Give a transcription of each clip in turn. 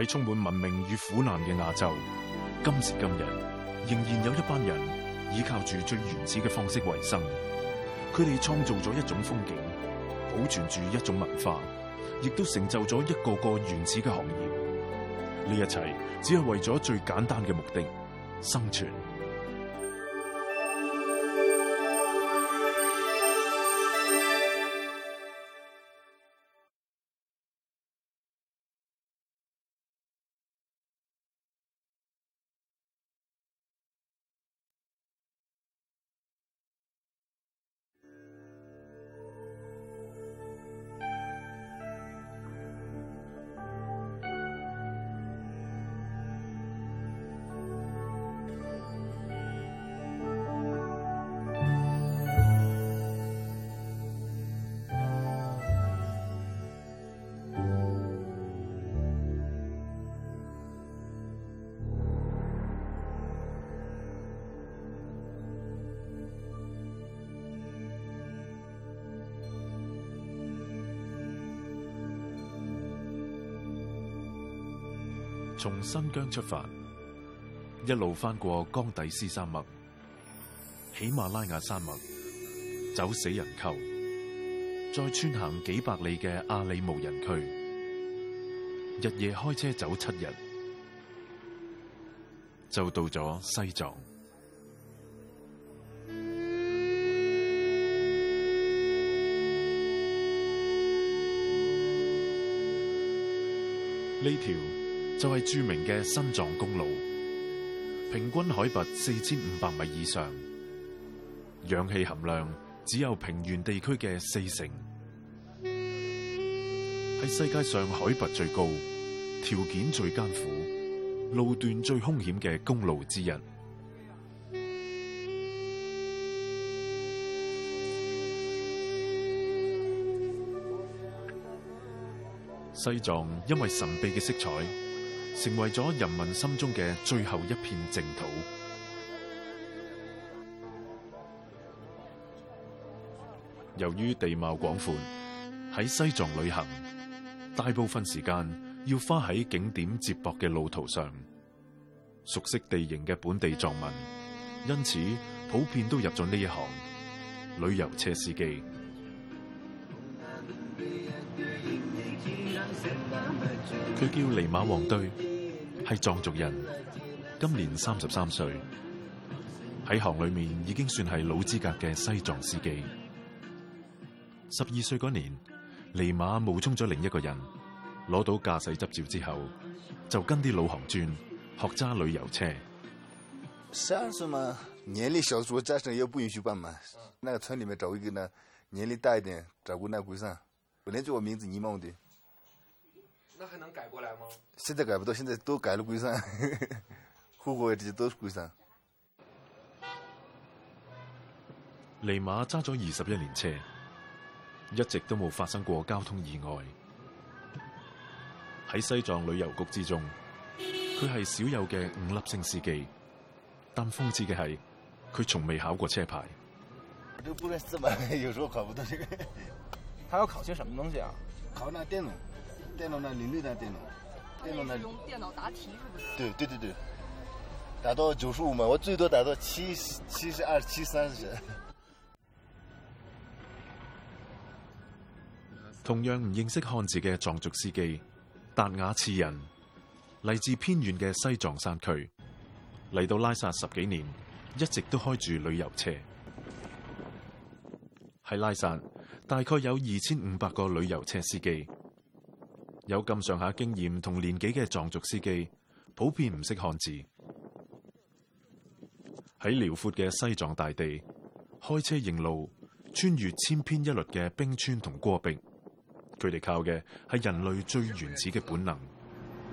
喺充滿文明與苦難嘅亞洲，今時今日仍然有一班人依靠住最原始嘅方式為生。佢哋創造咗一種風景，保存住一種文化，亦都成就咗一個個原始嘅行業。呢一切只係為咗最簡單嘅目的：生存。從新疆出發，一路翻過岡底斯山脈、喜馬拉雅山脈，走死人溝，再穿行幾百里嘅阿里無人區，日夜開車走七日，就到咗西藏。呢條，就係著名嘅新藏公路，平均海拔四千五百米以上，氧氣含量只有平原地區嘅四成，係世界上海拔最高、條件最艱苦、路段最凶險嘅公路之一。西藏因為神秘嘅色彩。成為咗人民心中嘅最後一片淨土。由於地貌廣闊，喺西藏旅行，大部分時間要花喺景點接駁嘅路途上。熟悉地形嘅本地藏民，因此普遍都入咗呢一行旅遊車司機。佢叫尼瑪旺堆，係藏族人，今年三十三歲，喺行裏面已經算係老資格嘅西藏司機。十二歲嗰年，尼瑪冒充咗另一個人，攞到駕駛執照之後，就跟啲老行尊學揸旅遊車。三歲嘛，年齡小做駕駛又不允許辦嘛。那個村裏面找一個呢，年齡大一點，找本來就我名字那還能改過來嗎？現在改不到，現在都改了龜山，戶口也直接都是龜山。尼瑪揸咗二十一年車，一直都冇發生過交通意外。喺西藏旅遊局之中，佢係少有嘅五粒星司機，但諷刺嘅係，佢從未考過車牌。都不來試吧，有時候考不到這個。他要考些什麼東西啊？考那電工。電腦呢？零六單電腦，電腦呢？用電腦答題是不是？對對對對，打到九十五嘛，我最多打到七七、十二、七三十。同樣唔認識漢字嘅藏族司機達雅次仁嚟自偏遠嘅西藏山區，嚟到拉薩十幾年，一直都開住旅遊車。喺拉薩大概有二千五百個旅遊車司機。有咁上下經驗同年紀嘅藏族司機，普遍唔識漢字。喺遼闊嘅西藏大地開車認路，穿越千篇一律嘅冰川同戈壁，佢哋靠嘅係人類最原始嘅本能。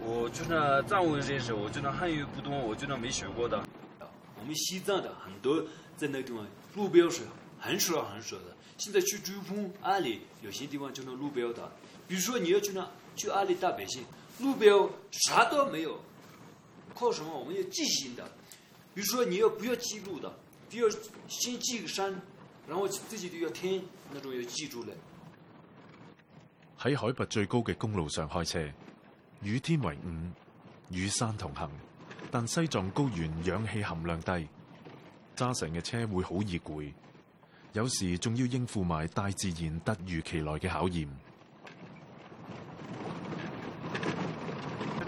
我去那藏文認識，我去那漢語不懂，我去那沒學過的。我們西藏的很多在那地方路標是很少很少的，現在去珠峰阿里有些地方就能路標的，比如說你要去那。去阿里大本營，路邊啥都沒有，靠什麼？我們要記性的，比如說你要不要記錄的，第二先記個山，然後自己都要聽，那種要記住了。喺海拔最高嘅公路上開車，與天為伍，與山同行，但西藏高原氧氣含量低，揸成嘅車會好易攰，有時仲要應付埋大自然突如其來嘅考驗。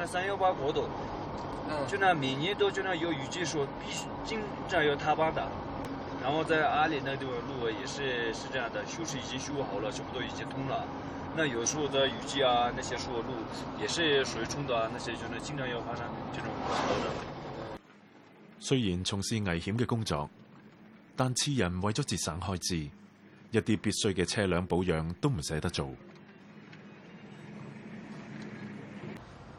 三幺八國道，就那每年都就那有雨季，時必須經常有塌方的。然後在阿里那地方路也是是這樣的，修已經修好了，差不多已經通了。那有時候在雨季啊，那些時候路也是水沖的，那些就那經常要翻山。雖然從事危險嘅工作，但此人為咗節省開支，一啲必需嘅車輛保養都唔捨得做。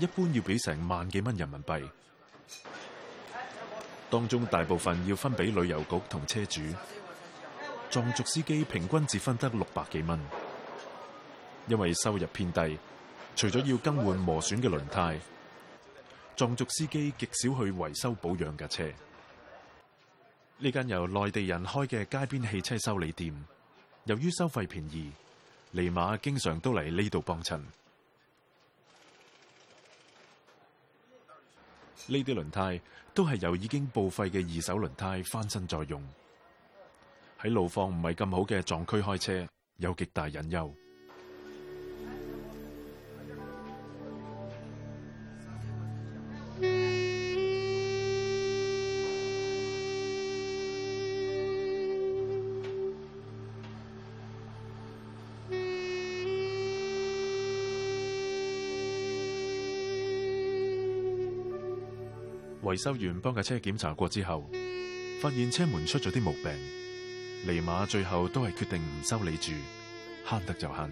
一般要俾成萬幾蚊人民幣，當中大部分要分俾旅遊局同車主。藏族司機平均只分得六百幾蚊，因為收入偏低。除咗要更換磨損嘅輪胎，藏族司機極少去維修保養架車。呢間由內地人開嘅街邊汽車修理店，由於收費便宜，尼瑪經常都嚟呢度幫襯。呢啲輪胎都係由已經報廢嘅二手輪胎翻新再用，喺路況唔係咁好嘅藏區開車有極大隱憂。修完幫架車檢查過之後，發現車門出咗啲毛病，尼瑪最後都係決定唔修理住，慳得就慳。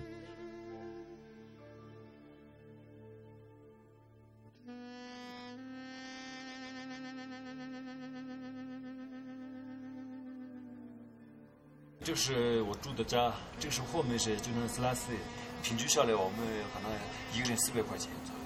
平均下嚟，我哋可能一個人四百塊錢左右。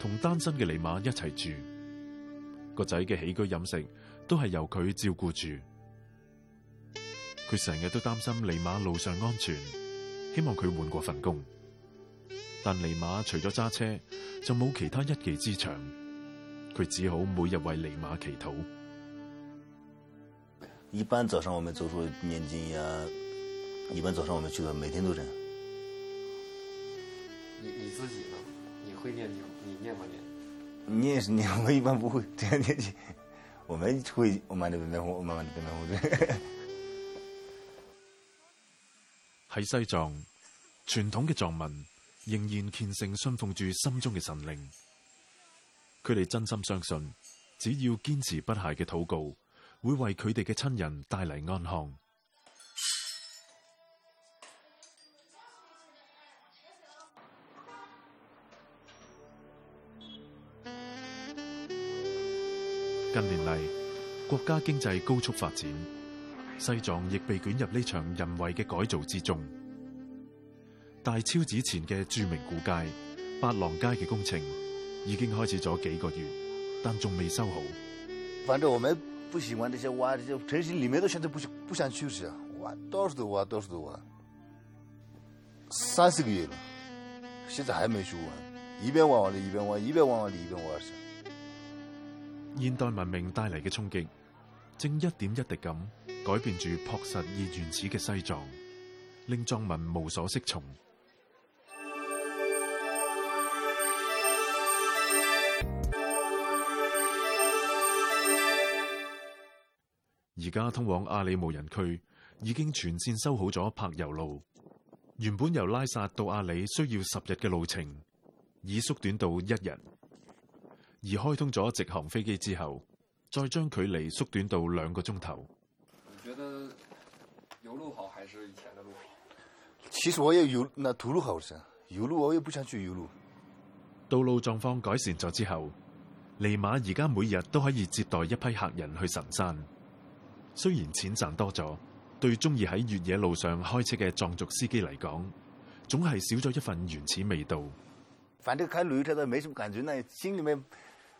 同單身嘅尼瑪一齊住，個仔嘅起居飲食都係由佢照顧住。佢成日都擔心尼瑪路上安全，希望佢換過份工。但尼瑪除咗揸車就冇其他一技之長，佢只好每日為尼瑪祈禱。一般早上我們做做念經呀，一般早上我們去做，每天都這樣。你你自己呢？你會念經？你念你念，我一般不會。我喺 西藏，傳統嘅藏民仍然虔誠信奉住心中嘅神靈，佢哋真心相信，只要堅持不懈嘅禱告，會為佢哋嘅親人帶來安康。國家經濟高速發展，西藏亦被捲入呢場人為嘅改造之中。大昭寺前嘅著名古街八郎街嘅工程已經開始咗幾個月，但仲未修好。反正我們不喜歡這些挖，這些村民都現在不不想去，是啊，挖，到處都挖，到處都挖，三四個月咯，現在還沒修完，一邊挖完就一邊挖，一邊挖完就一邊挖。邊玩玩邊玩玩現代文明帶嚟嘅衝擊正一點一滴咁改變住樸實而原始嘅西藏，令藏民無所適從。而家 通往阿里無人區已經全線修好咗柏油路，原本由拉薩到阿里需要十日嘅路程，已縮短到一日。而開通咗直航飛機之後。再將距離縮短到兩個鐘頭。你覺得油路好還是以前的路好？其實我也有那土路好先，油路我又不想去油路。道路狀況改善咗之後，尼瑪而家每日都可以接待一批客人去神山。雖然錢賺多咗，對中意喺越野路上開車嘅藏族司機嚟講，總係少咗一份原始味道。反正開旅遊車都冇乜感覺，那心裏面。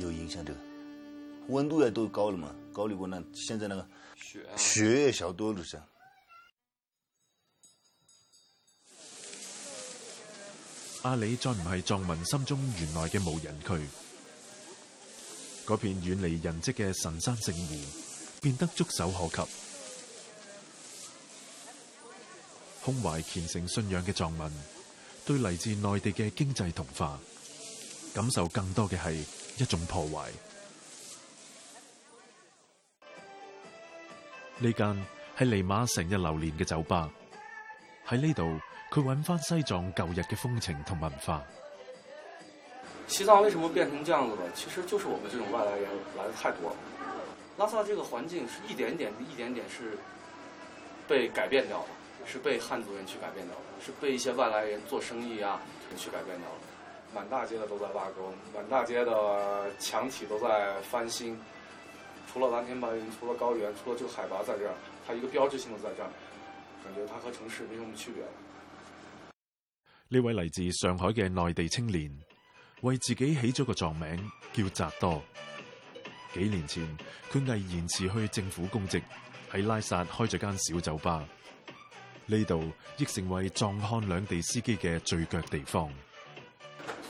有影響，這個温度也都高了嘛，高啲温啦。現在那個雪、啊、雪少多了，就是阿里再唔係藏民心中原來嘅無人區，嗰片遠離人跡嘅神山聖湖，變得觸手可及。胸懷虔誠信仰嘅藏民，對嚟自內地嘅經濟同化，感受更多嘅係一種破壞。呢間係尼瑪成日流連嘅酒吧，喺呢度佢揾翻西藏舊日嘅風情同文化。西藏為什麼變成這樣子呢？其實就是我們這種外來人來得太多了。拉薩這個環境是一點點、一點點是被改變掉的，是被漢族人去改變掉的，是被一些外來人做生意啊去改變掉。滿大街都在挖溝，滿大街的牆體都在翻新。除了藍天白雲，除了高原，除了就海拔在這兒，它一個標誌性的在這兒，感覺它和城市沒有什麼區別了。呢位來自上海嘅內地青年，為自己起咗個藏名叫澤多。幾年前，佢毅然辭去政府公職，喺拉薩開咗間小酒吧。呢度亦成為藏漢兩地司機嘅聚腳地方。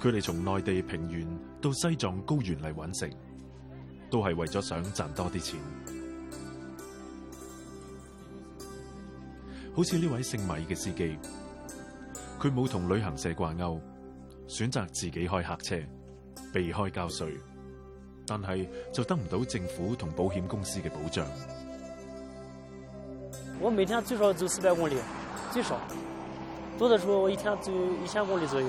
佢哋從內地平原到西藏高原嚟揾食，都係為咗想賺多啲錢。好似呢位姓米嘅司機，佢冇同旅行社掛鈎，選擇自己開客車，避開交稅，但係就得唔到政府同保險公司嘅保障。我每天最少走四百公里，最少，多的時候我一天走一千公里左右。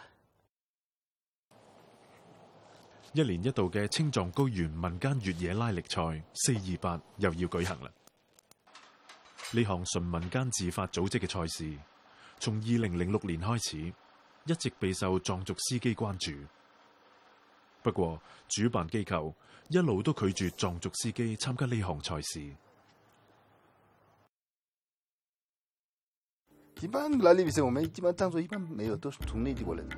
一年一度嘅青藏高原民間越野拉力賽四二八又要舉行啦！呢項純民間自發組織嘅賽事，從二零零六年開始，一直備受藏族司機關注。不過主辦機構一路都拒絕藏族司機參加呢項賽事。一般拉力比賽，我們一般藏族一般沒有，都是從內地過來的。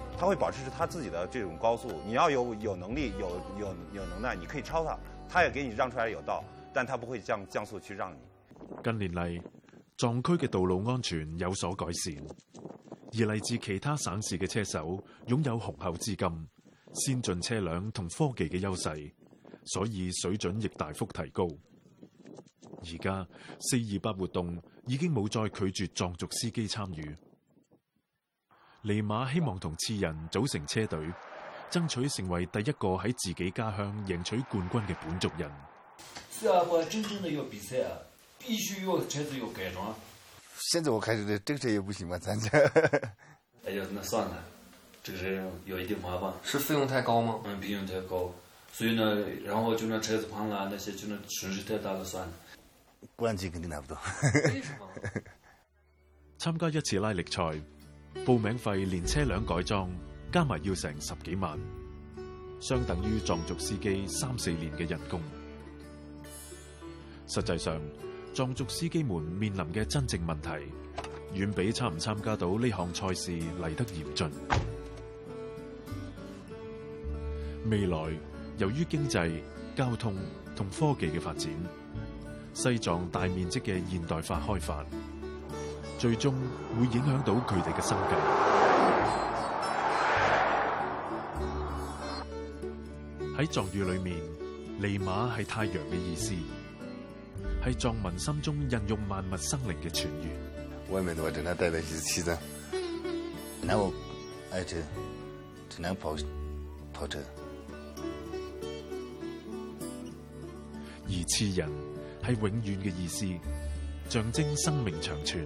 它會保持住它自己的這種高速，你要有有能力，有有有能耐，你可以超他，他也給你讓出來有道，但他不會降降速去讓你。近年嚟，藏區嘅道路安全有所改善，而嚟自其他省市嘅車手擁有雄厚資金、先進車輛同科技嘅優勢，所以水準亦大幅提高。而家四二八活動已經冇再拒絕藏族司機參與。尼瑪希望同次人組成車隊，爭取成為第一個喺自己家鄉贏取冠軍嘅本族人。冠軍肯定拿唔到。參加一次拉力賽。報名費連車輛改裝，加埋要成十幾萬，相等於藏族司機三四年嘅人工。實際上，藏族司機們面臨嘅真正問題，遠比參唔參加到呢項賽事嚟得嚴峻。未來，由於經濟、交通同科技嘅發展，西藏大面積嘅現代化開發。最終會影響到佢哋嘅心境。喺藏語裏面，尼瑪係太陽嘅意思，係藏民心中孕育萬物生靈嘅泉源。我面我同阿爹你意思先啦。那我喺度，就而次仁係永遠嘅意思，象徵生命長存。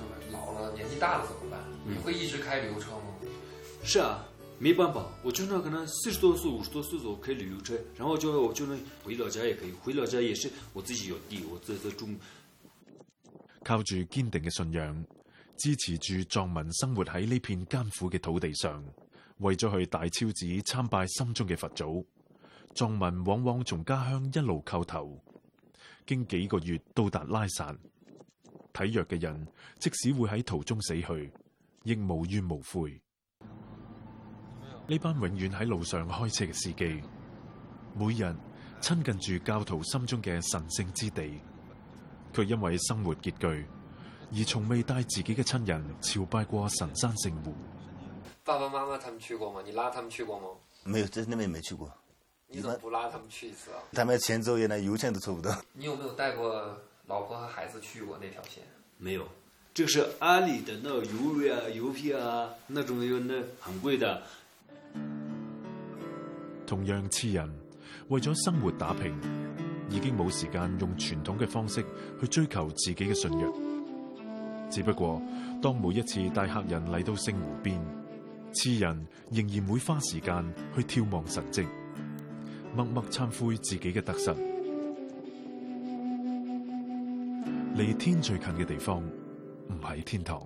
大怎麼辦？嗯、你會一直開旅遊車嗎？是啊，沒辦法，我經常可能四十多歲、五十多歲咗開旅遊車，然後就我就能回老家也可以，回老家也是我自己有地，我自己種。靠住堅定嘅信仰，支持住藏民生活喺呢片艱苦嘅土地上，為咗去大昭寺參拜心中嘅佛祖，藏民往往從家鄉一路叩頭，經幾個月到達拉薩。.體弱嘅人，即使會喺途中死去，亦無怨無悔。呢班永遠喺路上開車嘅司機，每日親近住教徒心中嘅神聖之地，佢因為生活拮據而從未帶自己嘅親人朝拜過神山聖湖。爸爸媽媽他們去過嗎？你拉他們去過嗎？沒有，真係冇，冇去過。你怎麼不拉他們去一次啊？他們錢足嘢，連油錢都湊唔到。你有沒有帶過啊？老婆和孩子去過那條線沒有？就是阿里的那油啊油皮啊那種油那很貴的。同樣，痴人為咗生活打拼，已經冇時間用傳統嘅方式去追求自己嘅信仰。只不過，當每一次帶客人嚟到聖湖邊，痴人仍然會花時間去眺望神跡，默默懺悔自己嘅得失。離天最近嘅地方，唔係天堂。